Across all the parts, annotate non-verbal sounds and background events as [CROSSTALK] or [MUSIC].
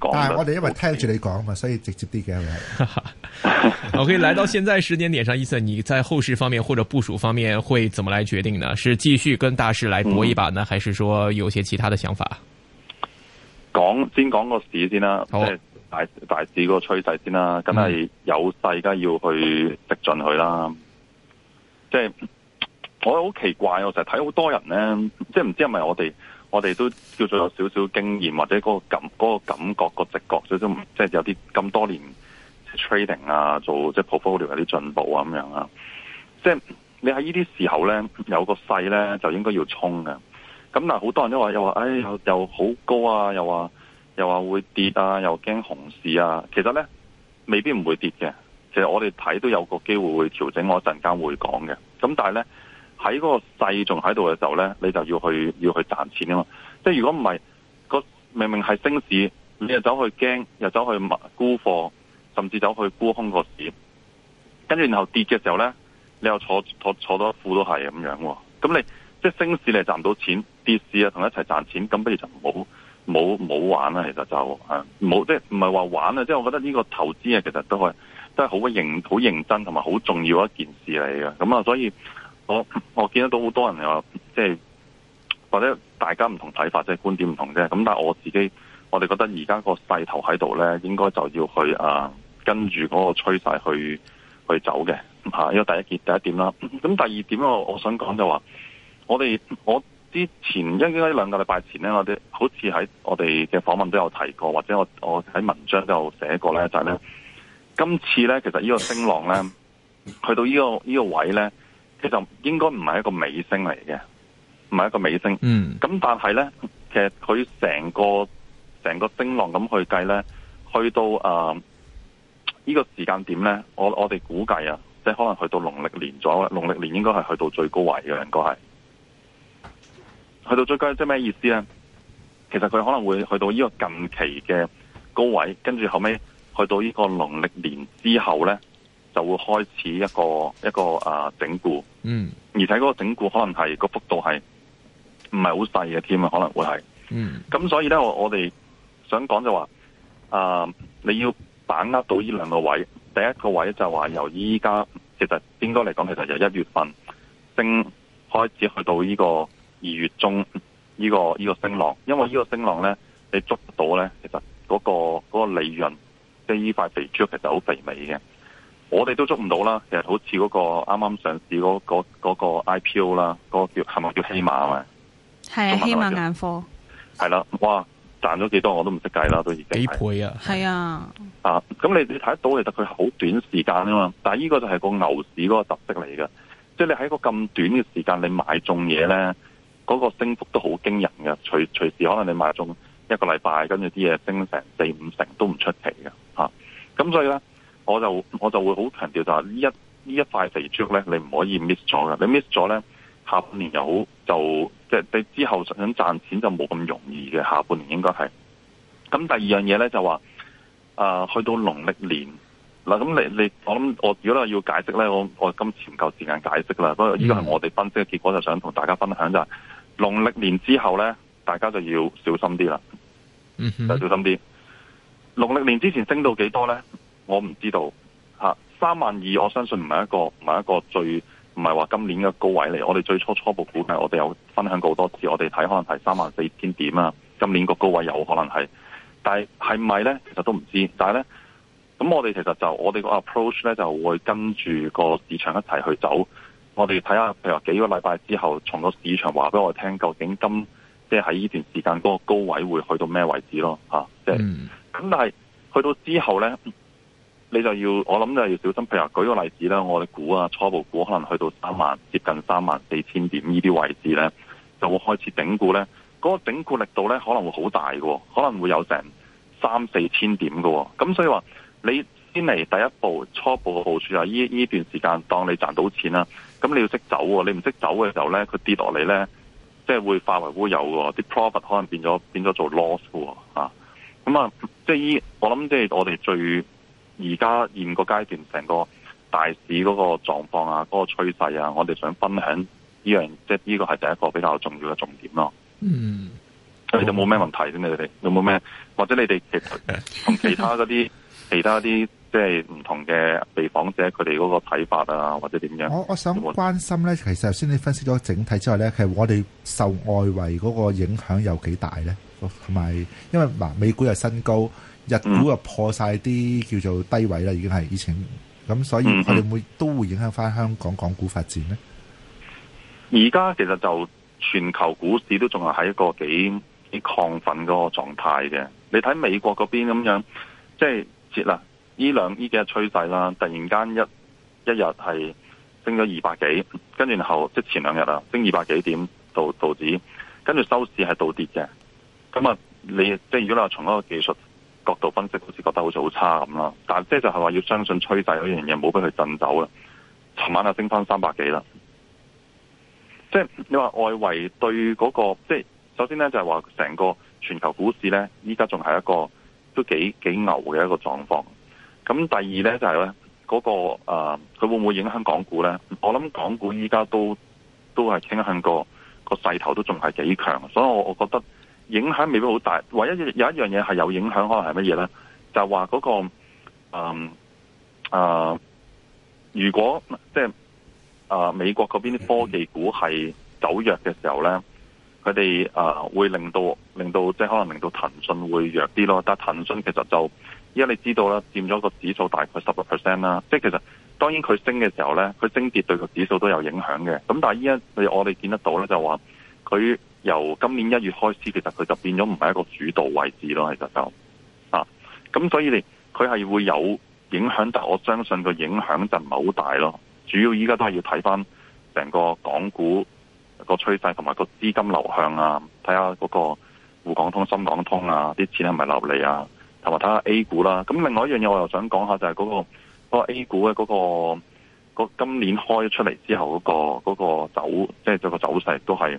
但係我哋因為聽住你講嘛，所以直接啲嘅。 [LAUGHS] [LAUGHS] o、okay, K，來到現在時間點上，意 [LAUGHS] 思你在後市方面或者部署方面會怎麼來決定呢？是繼續跟大市來搏一把呢、嗯，還是說有些其他的想法？講先講個市先啦，即係、啊、大大市嗰個趨勢先啦。咁係有勢，而家要去逼進去啦。嗯、即係我好奇怪，我成日睇好多人呢，即係唔知係咪我哋。我哋都叫做有少少經驗，或者嗰個感、嗰、嗰個感覺、嗰個直覺，少少即係有啲咁多年 trading 啊，做即係 portfolio 嗰啲進步啊咁樣啊。即係你喺呢啲時候咧，有個勢咧，就應該要衝嘅。咁但係好多人都話，又話，唉、哎，又好高啊，又話，又話會跌啊，又驚熊市啊。其實咧，未必唔會跌嘅。其實我哋睇都有個機會會調整我一會會，我陣間會講嘅。咁但係咧。喺嗰個勢仲喺度嘅時候咧，你就要去要去賺錢啊嘛！即係如果唔係個明明係升市，你又走去驚，又走去買沽貨，甚至走去沽空個市，跟住然後跌嘅時候咧，你又坐坐坐多一副都係咁樣喎。咁你即係升市你係賺唔到錢，跌市啊同一齊賺錢，咁不如就唔好冇冇玩啦。其實就啊冇即係唔係話玩啊！即係我覺得呢個投資啊，其實都係都係好認好認真同埋好重要一件事嚟嘅。咁啊，所以。我我見得到好多人又即係或者大家唔同睇法，即係觀點唔同啫。咁但係我自己，我哋覺得而家個勢頭喺度咧，應該就要去啊跟住嗰個趨勢去去走嘅吓。呢個第一件第一點啦，咁第二點我我想講就話，我哋我之前應應該兩個禮拜前咧，我哋好似喺我哋嘅訪問都有提過，或者我我喺文章都有寫過咧，就係咧，今次咧，其實呢個升浪咧，去到呢個呢個位咧。其實應該唔係一個尾聲嚟嘅，唔係一個尾聲。嗯，咁但係咧，其實佢成個成個升浪咁去計咧，去到誒呢、呃這個時間點咧，我我哋估計啊，即係可能去到農曆年左右，農曆年應該係去到最高位嘅，應該係去到最高位，即係咩意思咧？其實佢可能會去到呢個近期嘅高位，跟住後尾去到呢個農曆年之後咧。就會開始一個一個誒、呃、整固，嗯，而睇嗰個整固可能係個幅度係唔係好細嘅，添啊，可能會係，嗯，咁所以咧，我我哋想講就話、是、誒、呃，你要把握到呢兩個位，第一個位就話由依家其實應該嚟講，其實由一月份升開始去到呢個二月中呢、呢個呢、呢個升浪，因為呢個升浪咧，你捉得到咧，其實嗰、嗰個嗰、嗰個利潤即係呢塊肥豬肉其實好肥美嘅。我哋都捉唔到啦，其實好似嗰個啱啱上市嗰、嗰個、嗰個 IPO 啦，嗰個叫係咪叫希瑪啊？係啊，希瑪眼科係啦，哇，賺咗幾多我都唔識計啦，都已經幾倍啊，係啊,啊，啊，咁你你睇得到其實佢好短時間啊嘛，但係呢個就係個牛市嗰個特色嚟嘅。即、就、係、係、你喺個咁短嘅時間你買中嘢咧，嗰、嗰個升幅都好驚人㗎。隨隨時可能你買中一個禮拜，跟住啲嘢升成四五成都唔出奇㗎。吓、啊，咁所以咧。我就我就會好強調就係呢一呢一塊肥豬肉咧，你唔可以 miss 咗嘅。你 miss 咗咧，下半年又好就即係、就是、你之後想賺錢就冇咁容易嘅。下半年應該係。咁第二樣嘢咧就話，誒、呃、去到農曆年嗱，咁你你我諗我如果我要解釋咧，我我今次唔夠時間解釋啦。不過依個係我哋分析嘅結果，mm -hmm. 結果就想同大家分享就係、是、農曆年之後咧，大家就要小心啲啦。嗯、mm、就 -hmm. 小心啲。農曆年之前升到幾多咧？我唔知道嚇，三萬二，我相信唔係一個唔係一個最唔係話今年嘅高位嚟。我哋最初初步估計，我哋有分享過好多次，我哋睇可能係三萬四千點啊。今年個高位有可能係，但係係咪？呢其實都唔知。但係呢，咁我哋其實就我哋個 approach 呢就會跟住個市場一齊去走。我哋睇下，譬如話幾個禮拜之後，從個市場話俾我聽，究竟今即係喺呢段時間嗰個高位會去到咩位置咯？嚇，即係咁。但係去到之後呢。你就要，我諗就要小心。譬如舉個例子啦，我哋估啊，初步估可能去到三萬，接近三萬四千點呢啲位置咧，就會開始整固咧。嗰個整固力度咧，可能會好大嘅，可能會有成三四千點嘅。咁所以話，你先嚟第一步，初步嘅部署係，呢段時間當你賺到錢啦，咁你要識走，你唔識走嘅時候咧，佢跌落嚟咧，即係會化為烏有喎。啲 profit 可能變咗變咗做 loss 嘅。吓，咁啊，即係呢，我諗即係我哋最。而家現個階段成個大市嗰個狀況啊，嗰、那個趨勢啊，我哋想分享呢、這、樣、個，即係呢個係第一個比較重要嘅重點咯。嗯，你哋有冇咩問題先？你哋有冇咩？或者你哋其其他嗰啲 [LAUGHS] 其他啲即係唔同嘅被訪者佢哋嗰個睇法啊，或者點樣？我我想關心咧，其實頭先你分析咗整體之外咧，其實我哋受外圍嗰個影響有幾大咧？同埋因為嗱，美股又新高。日股又破曬啲叫做低位啦，已經係以前咁，所以我哋會，會都會影響翻香港港股發展呢。而家其實就全球股市都仲係喺一個幾幾亢奮嗰個狀態嘅。你睇美國嗰邊咁樣，即係跌啦，呢兩呢幾日趨勢啦，突然間一一日係升咗二百幾，跟住然後即前兩日啦，升二百幾點道道指，跟住收市係倒跌嘅。咁啊，你即係如果你話從嗰個技術，角度分析好似覺得好似好差咁啦，但係即係就係話要相信趨勢嗰樣嘢，冇俾佢震走啦！尋晚啊升翻三百幾啦，即係你話外圍對嗰、嗰個，即係首先咧就係話成個全球股市咧，依家仲係一個都幾幾牛嘅一個狀況。咁第二咧就係咧嗰個佢、呃、會唔會影響港股咧？我諗港股依家都都係傾向個個勢頭都仲係幾強，所以我覺得。影響未必好大，唯一有一樣嘢係有影響，可能係乜嘢咧？就係話嗰個嗯、呃呃、如果即係啊、呃、美國嗰邊啲科技股係走弱嘅時候咧，佢哋啊會令到令到即係可能令到騰訊會弱啲咯。但係騰訊其實就依家你知道啦，佔咗個指數大概十個 percent 啦。即係其實當然佢升嘅時候咧，佢升跌對個指數都有影響嘅。咁但係依家我哋見得到咧，就話佢。由今年一月開始，其實佢就變咗唔係一個主導位置咯，其實就啊，咁所以你佢係會有影響，但係我相信個影響就唔係好大咯。主要依家都係要睇翻成個港股個趨勢同埋個資金流向啊，睇下嗰個滬港通、深港通啊，啲錢係咪流嚟啊？同埋睇下 A 股啦。咁另外一樣嘢我又想講下就係嗰個嗰個 A 股嘅嗰個個今年開出嚟之後嗰個嗰個走，即係個走勢都係。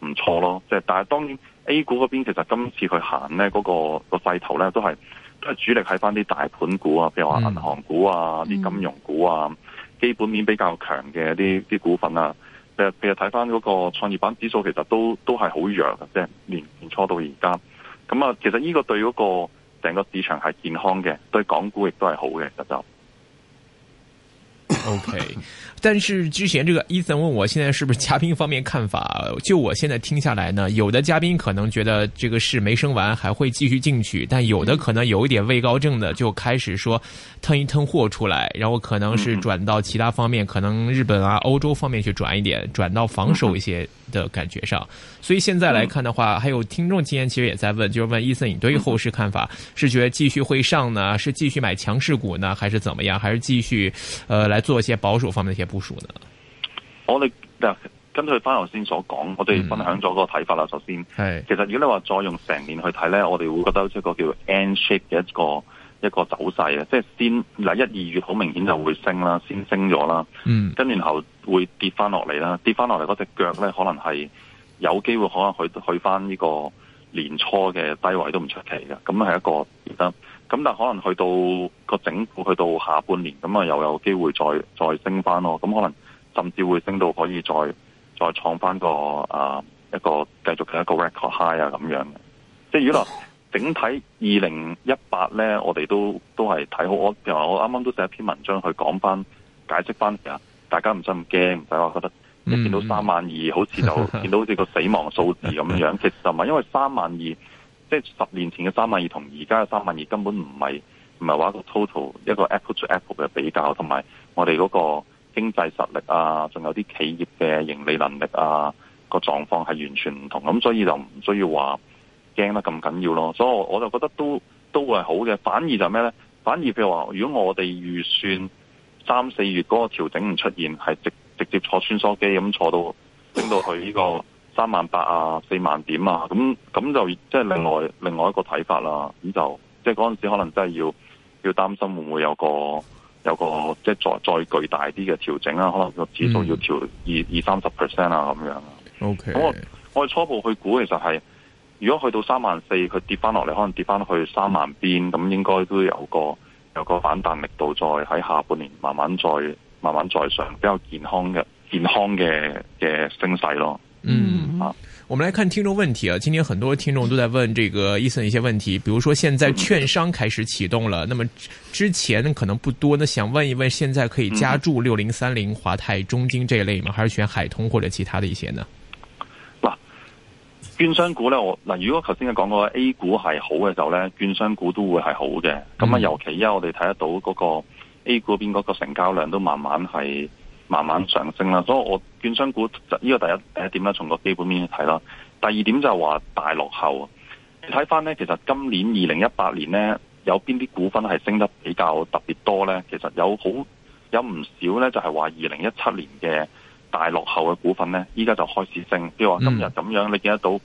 唔錯咯，即係但係當然 A 股嗰邊其實今次去行咧嗰、嗰個、嗰個勢頭咧都係都係主力喺翻啲大盤股啊，譬如話銀行股啊、啲、嗯、金融股啊、基本面比較強嘅啲啲股份啊。其實睇翻嗰個創業板指數，其實都都係好弱嘅，即係年年初到而家。咁啊，其實呢個對嗰個成個市場係健康嘅，對港股亦都係好嘅，其實就是。OK，但是之前這個 Eason 問我，現在是不是嘉賓方面看法？就我現在聽下來呢，有的嘉賓可能覺得這個市未升完，還會繼續進去；但有的可能有一點畏高症的，就開始說騰一騰貨出來，然後可能是轉到其他方面，可能日本啊、歐洲方面去轉一點，轉到防守一些的感覺上。所以現在來看的話，還有聽眾今天其實也在問，就是問 Eason，你對於後市看法是覺得繼續會上呢？是繼續買強勢股呢？還是怎麼樣？還是繼續呃來做？做些保守方面一些部署的，我哋嗱，根據翻頭先所講，我哋分享咗個睇法啦。首先，係其實如果你話再用成年去睇呢，我哋會覺得即係個叫 N shape 嘅一個一個走勢啊。即係先嗱，一二月好明顯就會升啦，先升咗啦，嗯，跟然後會跌翻落嚟啦，跌翻落嚟嗰隻腳呢，可能係有機會可能去去翻呢個。年初嘅低位都唔出奇嘅，咁係係一個而家，咁但係可能去到個整股去到下半年，咁啊又有機會再再升翻咯，咁可能甚至會升到可以再再創翻個啊一個繼、啊、續嘅一個 record high 啊咁樣嘅。即係如果整體二零一八咧，我哋都都係睇好我，譬如我啱啱都寫一篇文章去講翻解釋翻啊，大家唔使咁驚，唔使話覺得。一見到三萬二，好似就見到好似個死亡數字咁樣 [LAUGHS] 其實就係因為三萬二即係十年前嘅三萬二，同而家嘅三萬二根本唔係唔係話一個 total 一個 Apple to Apple 嘅比較，同埋我哋嗰個經濟實力啊，仲有啲企業嘅盈利能力啊、個狀況係完全唔同。咁所以就唔需要話驚得咁緊要咯。所以我就覺得都都係好嘅。反而就咩咧？反而譬如話，如果我哋預算三四月嗰個調整唔出現，係直。直接坐穿梭機咁坐到升到去呢個三萬八啊、四萬點啊，咁咁就即係另外另外一個睇法啦，咁就即係嗰陣時可能真係要要擔心會唔會有個有個即係再再巨大啲嘅調整啦、啊，可能個指數要調二二三十 percent 啊咁樣啊。O、okay. K，我我哋初步去估其實係如果去到三萬四，佢跌翻落嚟可能跌翻去三萬邊，咁、嗯、應該都有個有個反彈力度再，再喺下半年慢慢再。慢慢在上，比較健康嘅健康嘅嘅升勢咯。嗯啊，我們來看聽眾問題啊。今天很多聽眾都在問這個 Eason 一些問題，比如說現在券商開始啟動了，嗯，那麼之前可能不多，那想問一問，現在可以加注六零三零華泰中金這一類嗎？還是選海通或者其他的一些呢？嗱、嗯，券商股呢？我嗱如果頭先講過 A 股係好嘅時候呢，券商股都會係好嘅。咁、嗯、啊，尤其因為我哋睇得到嗰、那個。A 股邊邊嗰個成交量都慢慢係慢慢上升啦，所以我券商股呢、呢個第一第一點啦，從個基本面去睇啦。第二點就係話大落後，你睇翻咧，其實今年二零一八年咧，有邊啲股份係升得比較特別多咧？其實有好有唔少咧，就係話二零一七年嘅大落後嘅股份咧，依家就開始升，譬如話今日咁樣，你見得到。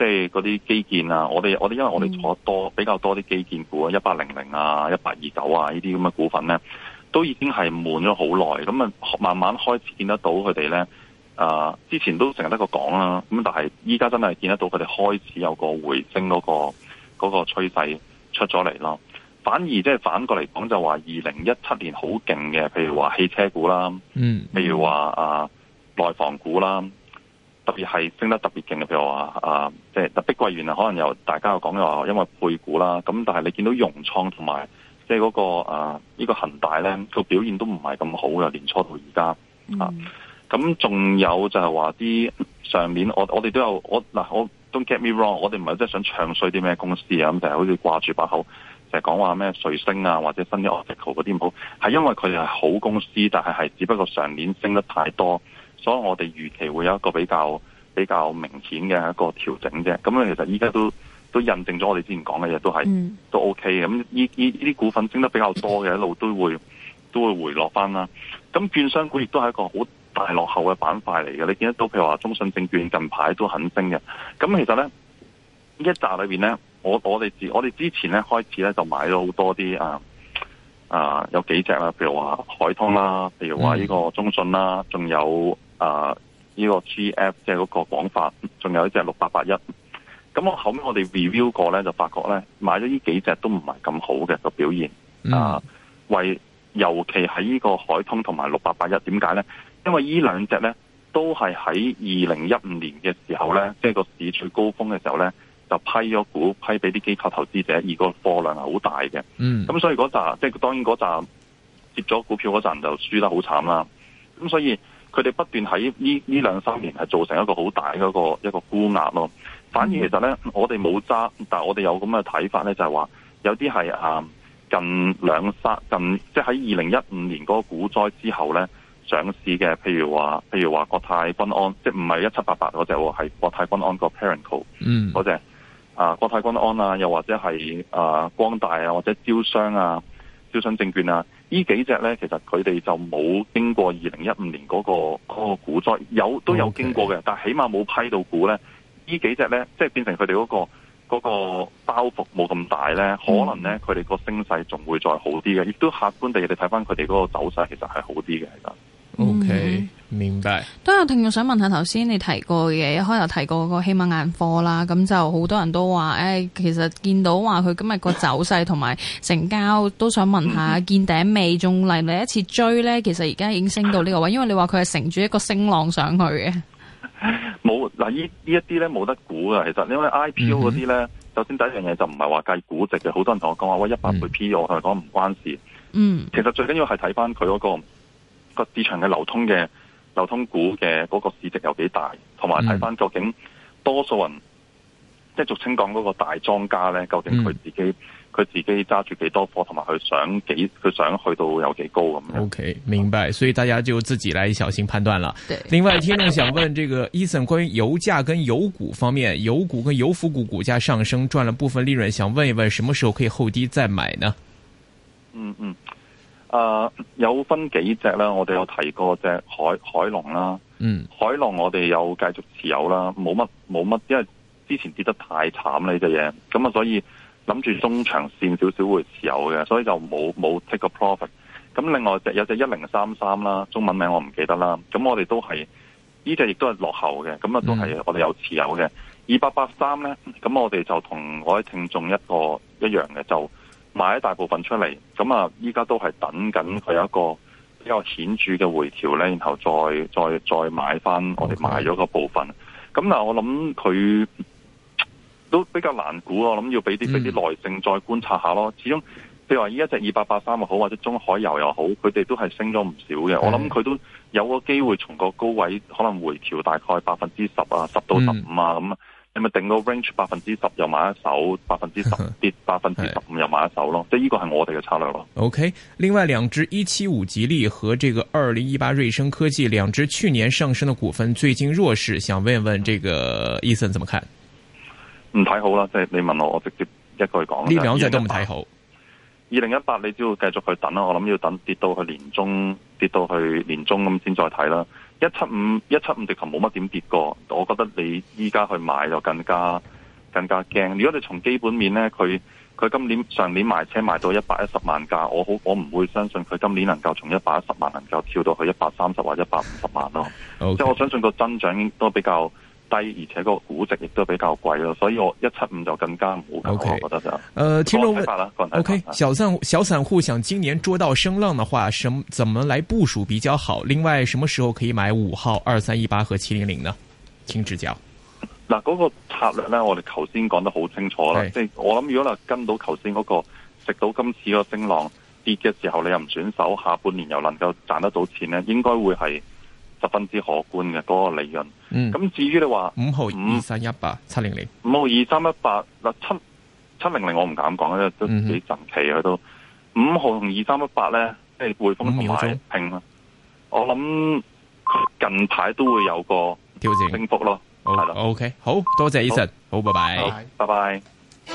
即係嗰啲基建啊，我哋我哋因為我哋坐多比較多啲基建股啊，一八零零啊，一八二九啊呢啲咁嘅股份咧，都已經係悶咗好耐，咁啊慢慢開始見得到佢哋咧。啊、呃，之前都成日得個講啦，咁但係依家真係見得到佢哋開始有個回升嗰個嗰個趨勢出咗嚟咯。反而即係反過嚟講，就話二零一七年好勁嘅，譬如話汽車股啦，嗯，譬如話啊、呃、內房股啦。特別係升得特別勁嘅，譬如話啊，即係碧桂園啊，可能又大家又講嘅話，因為配股啦。咁但係你見到融創同埋即係嗰個啊，這個、呢個恒大咧個表現都唔係咁好嘅，年初到而家、嗯、啊。咁仲有就係話啲上年我我哋都有我嗱，我，我 don't get me wrong，我哋唔係真係想唱衰啲咩公司啊，咁就係、是、好似掛住把口，成日講話咩瑞星啊或者新啲 article 嗰啲唔好，係因為佢哋係好公司，但係係只不過上年升得太多。所以我哋預期會有一個比較比較明顯嘅一個調整啫。咁樣其實依家都都印證咗我哋之前講嘅嘢，都係都 OK 嘅。咁呢呢啲股份升得比較多嘅一路都會都會回落翻啦。咁券商股亦都係一個好大落後嘅板塊嚟嘅。你見到譬如話中信證券近排都肯升嘅。咁其實咧一紮裏邊咧，我我哋自我哋之前咧開始咧就買咗好多啲啊啊有幾隻啦，譬如話海通啦，譬如話呢個中信啦，仲有。啊！呢個 G.F. 即係嗰個廣發，仲有一隻六八八一。咁我後尾我哋 review 過咧，就發覺咧買咗呢幾隻都唔係咁好嘅個表現啊。為、mm. uh, 尤其喺呢個海通同埋六八八一，點解咧？因為呢兩隻咧都係喺二零一五年嘅時候咧，即係個市最高峰嘅時候咧，就批咗股批俾啲機構投資者，而個貨量係好大嘅。嗯，咁所以嗰扎即係當然嗰扎接咗股票嗰人就輸得好慘啦。咁所以。佢哋不斷喺呢呢兩三年係造成一個好大嗰一個估壓咯，反而其實咧、嗯、我哋冇揸，但係我哋有咁嘅睇法咧，就係話有啲係啊近兩三近即係喺二零一五年嗰個股災之後咧上市嘅，譬如話譬如話國泰君安，即係唔係一七八八嗰隻，係國泰君安個 parent company 嗰隻啊國泰君安啊，又或者係啊光大啊，或者招商啊、招商證券啊。呢幾隻呢，其實佢哋就冇經過二零一五年嗰個嗰個股災，有都有經過嘅，但起碼冇批到股呢，呢幾隻呢，即係變成佢哋嗰個嗰個包袱冇咁大呢。可能呢，佢哋個升勢仲會再好啲嘅，亦都客觀地你睇翻佢哋嗰個走勢，其實係好啲嘅，其實。O K。都有聽眾想問下，頭先你提過嘅，一開頭提過個希瑪眼科啦，咁就好多人都話，誒、欸，其實見到話佢今日個走勢同埋成交，都想問下見頂未？仲嚟唔嚟一次追咧？ [LAUGHS] 其實而家已經升到呢個位，因為你話佢係乘住一個升浪上去嘅。冇嗱，呢一啲咧冇得估噶，其實，因為 IPO 嗰啲咧， [LAUGHS] 首先第一樣嘢就唔係話計估值嘅，好多人同我講話，喂，一百倍 P 我同佢講唔關事。嗯， [LAUGHS] 其實最緊要係睇翻佢嗰個個市場嘅流通嘅。流通股嘅嗰個市值有幾大，同埋睇翻究竟多數人、嗯、即係俗稱講嗰個大莊家呢，究竟佢自己佢、嗯、自己揸住幾多貨，同埋佢想幾佢想去到有幾高咁。O、okay, K，明白，所以大家就自己嚟小心判斷啦。對，另外聽眾想問，這個 Eason 關於油價跟油股方面，油股跟油服股股價上升賺了部分利潤，想問一問什麼時候可以後低再買呢？嗯嗯。誒、uh，有分幾隻啦？我哋有提過隻海海龍啦，嗯、mm.，海龍我哋有繼續持有啦，冇乜冇乜，因為之前跌得太慘呢隻嘢，咁啊所以諗住中長線少少會持有嘅，所以就冇冇 take a profit。咁另外有隻一零三三啦，中文名我唔記得啦，咁我哋都係呢隻亦都係落後嘅，咁啊都係我哋有持有嘅。二八八三咧，咁我哋就同我啲聽眾一個一樣嘅就。買一大部分出嚟，咁啊，依家都係等緊佢有一個比較顯著嘅回調咧，然後再、再、再買翻我哋買咗個部分。咁嗱，我諗佢都比較難估啊，我諗要俾啲俾啲耐性，再觀察下咯。Mm. 始終，譬如話依一隻二八八三又好，或者中海油又好，佢哋都係升咗唔少嘅。Mm. 我諗佢都有個機會從個高位可能回調大概百分之十啊，十到十五啊咁。你咪定個 range 百分之十又買一手，百分之十跌百分之十五又買一手咯，即係呢個係我哋嘅策略咯。OK，另外兩支一七五吉利和這個二零一八瑞聲科技，兩支去年上升嘅股份最近弱勢，想問一問這個 Eason 怎麼看？唔睇好啦，即係你問我，我直接一句講啦。呢兩隻都唔睇好。二零一八你只要繼續去等啦，我諗要等跌到去年中，跌到去年中咁先再睇啦。一七五一七五，直頭冇乜點跌過。我覺得你依家去買就更加更加驚。如果你從基本面咧，佢佢今年上年賣車賣到一百一十萬架，我好我唔會相信佢今年能夠從一百一十萬能夠跳到去一百三十或一百五十萬咯。Okay. 即係我相信個增長都比較低而且個估值亦都比較貴咯，所以我一七五就更加唔好，okay, 我覺得就。誒、呃，聽眾問，OK，小散小散戶想今年捉到升浪嘅話，什麼怎麼來部署比較好？另外，什麼時候可以買五號二三一八和七零零呢？請指教。嗱，嗰個策略咧，我哋頭先講得好清楚啦，即係我諗，如果啦跟到頭先嗰個，食到今次個升浪跌嘅時候，你又唔轉手，下半年又能夠賺得到錢咧，應該會係。十分之可觀嘅嗰、那個利潤，咁、嗯、至於你話五號二三一八七零零，五號二三一八嗱七七零零，嗯、7, 我唔敢講，因為都幾神奇啊都。五號同二三一八咧，即係匯豐同埋拼。我諗近排都會有個挑戰升幅咯，係啦。OK，好多謝 Eason，好拜拜，拜拜。Bye bye